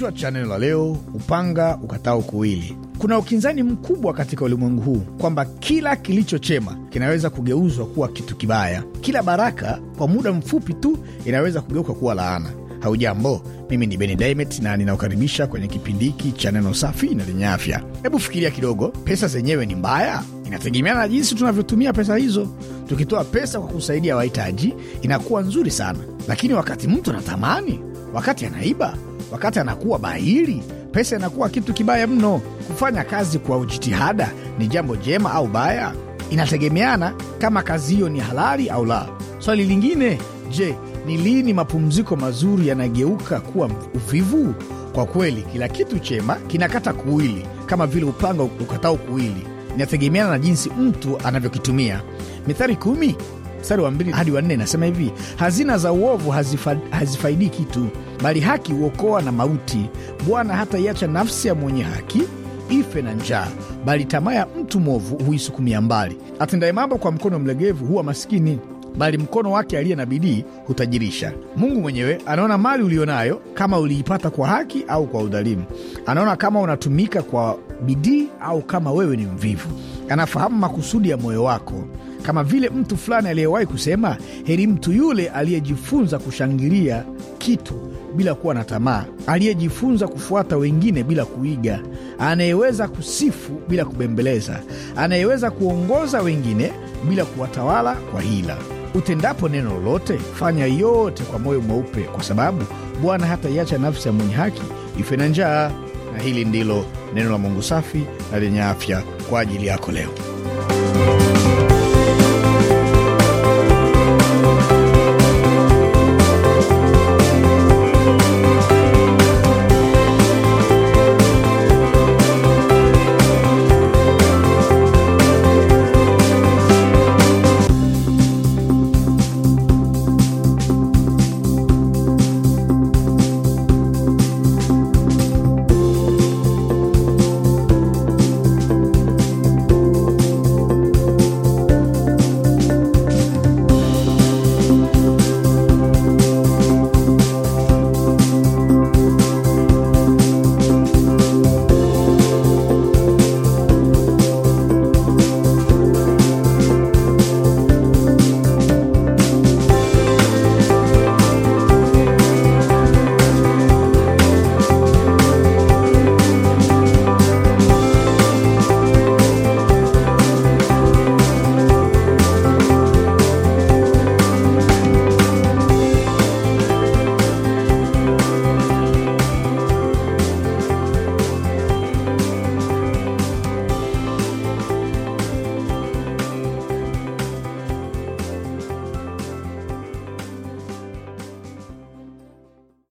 Kichwa cha neno la leo: upanga ukatao kuwili. Kuna ukinzani mkubwa katika ulimwengu huu kwamba kila kilicho chema kinaweza kugeuzwa kuwa kitu kibaya. Kila baraka kwa muda mfupi tu inaweza kugeuka kuwa laana. Haujambo, mimi ni Beni Dimet na ninakukaribisha kwenye kipindi hiki cha neno safi na lenye afya. Hebu fikiria kidogo, pesa zenyewe ni mbaya? Inategemeana na jinsi tunavyotumia pesa hizo. Tukitoa pesa kwa kusaidia wahitaji inakuwa nzuri sana, lakini wakati mtu anatamani wakati anaiba, wakati anakuwa bahili, pesa inakuwa kitu kibaya mno. Kufanya kazi kwa ujitihada ni jambo jema au baya, inategemeana kama kazi hiyo ni halali au la. Swali lingine, je, ni lini mapumziko mazuri yanageuka kuwa uvivu? Kwa kweli, kila kitu chema kinakata kuwili, kama vile upanga ukatao kuwili. Inategemeana na jinsi mtu anavyokitumia. Mithali kumi mstari wa mbili hadi wa nne inasema hivi: hazina za uovu hazifa, hazifaidii kitu, bali haki huokoa na mauti. Bwana hata iacha nafsi ya mwenye haki ife na njaa, bali tamaa ya mtu mwovu huisukumia mbali. Atendaye mambo kwa mkono mlegevu huwa masikini, bali mkono wake aliye na bidii hutajirisha. Mungu mwenyewe anaona mali uliyo nayo, kama uliipata kwa haki au kwa udhalimu. Anaona kama unatumika kwa bidii au kama wewe ni mvivu. Anafahamu makusudi ya moyo wako kama vile mtu fulani aliyewahi kusema, heri mtu yule aliyejifunza kushangilia kitu bila kuwa na tamaa, aliyejifunza kufuata wengine bila kuiga, anayeweza kusifu bila kubembeleza, anayeweza kuongoza wengine bila kuwatawala kwa hila. Utendapo neno lolote, fanya yote kwa moyo mweupe, kwa sababu Bwana hataiacha nafsi ya mwenye haki ife na njaa. Na hili ndilo neno la Mungu safi na lenye afya kwa ajili yako leo.